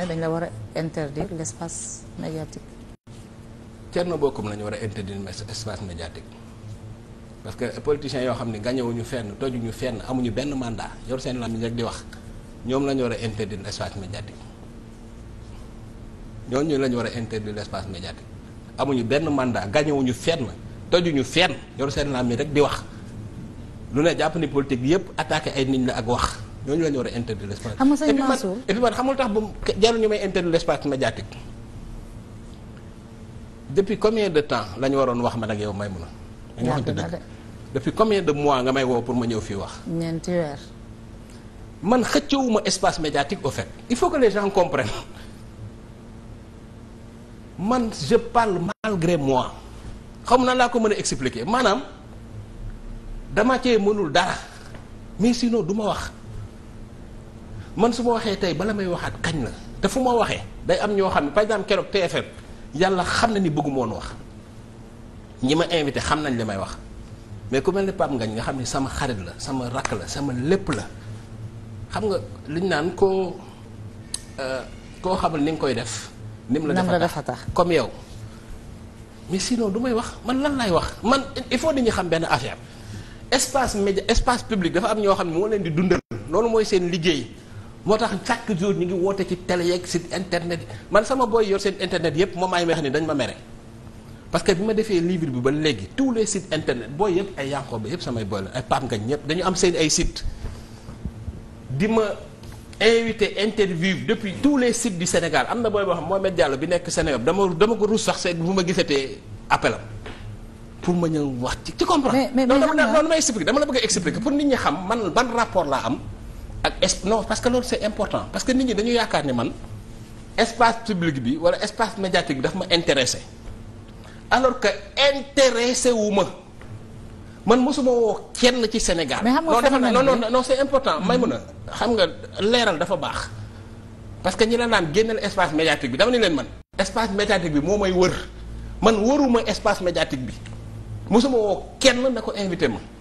ne eh, dañ la war a interdire l' espace médiatique. Thierno Bocoum la ñu war a interdire espace médiatique parce que politiciens yoo xam ne gañewuñu fenn tojuñu fenn amuñu benn mandat yor seen làmmiñ rek di wax ñoom la ñu war a interdire espace médiatique ñooñu la war a interdire l' espace médiatique amuñu benn mandat gañewuñu fenn tojuñu fenn yor seen làmmiñ rek di wax lu ne jàpp ni politique yëpp attaqué ay nit la ak wax. ñooñu la war a interdire l'espace. xam nga sëñ Mansour et puis man xamul tax ba depuis combien de temps la ñu waroon wax man ak yow may mun a. ñu waxante dëgg de mois nga may woo pour ma ñëw fii wax. ñeenti weer. man xëccewuma espace médiatique au fait il faut que les gens comprennent man je parle malgré moi xam naa laa ko mën a expliquer maanaam dama cee mënul dara mais sinon du ma wax. man su ma waxee tey bala may waxaat kañ la te fu ma waxee day am ñoo xam ne par exemple keroog TFM yàlla xam na ni bëggu moon wax ñi ma invité xam nañ li may wax mais ku mel ne Pape nga xam ne sama xarit la sama rakk la sama lépp la xam nga liñ naan koo euh, koo xamul ni koy def. nim la dafa tax comme yow. mais du may wax man lan lay wax man il faut dañuy xam benn affaire espace média espace public dafa am ñoo xam ne moo leen di dundal loolu mooy seen liggéey. moo tax chaque jour ñu ngi woote ci télé yeeg site internet man sama booy yor seen internet yëpp moom ay meex ni dañ ma mere parce que bi ma defee livre bi ba léegi tous les sites internet booy yëpp ay Yankooba yëpp samay booy la ay Pape Ngagne ñëpp dañu am seen ay site di ma invité interview depuis tous les sites du Sénégal am na booy boo xam Mohamed Diallo bi nekk Sénégal dama dama ko ruus sax seet bu ma gisatee appelam pour ma ñëw wax ci ci comprendre. a expliquer pour nit ñi xam man ban rapport laa am. ak es non parce que loolu c'est important parce que nit ñi dañu yaakaar ne man espace public bi wala espace médiatique bi daf ma intéressé alors que intéressé wu ma man mosuma woo kenn ci Sénégal. mais xam nga phénomène non non non c'est important mm-hmm. may mun a xam nga leeral dafa baax parce que ñi la naan génneel espace médiatique bi dama ne leen man. espace médiatique bi moo may wër man wëruma espace médiatique bi mosuma woo kenn na ko invité ma.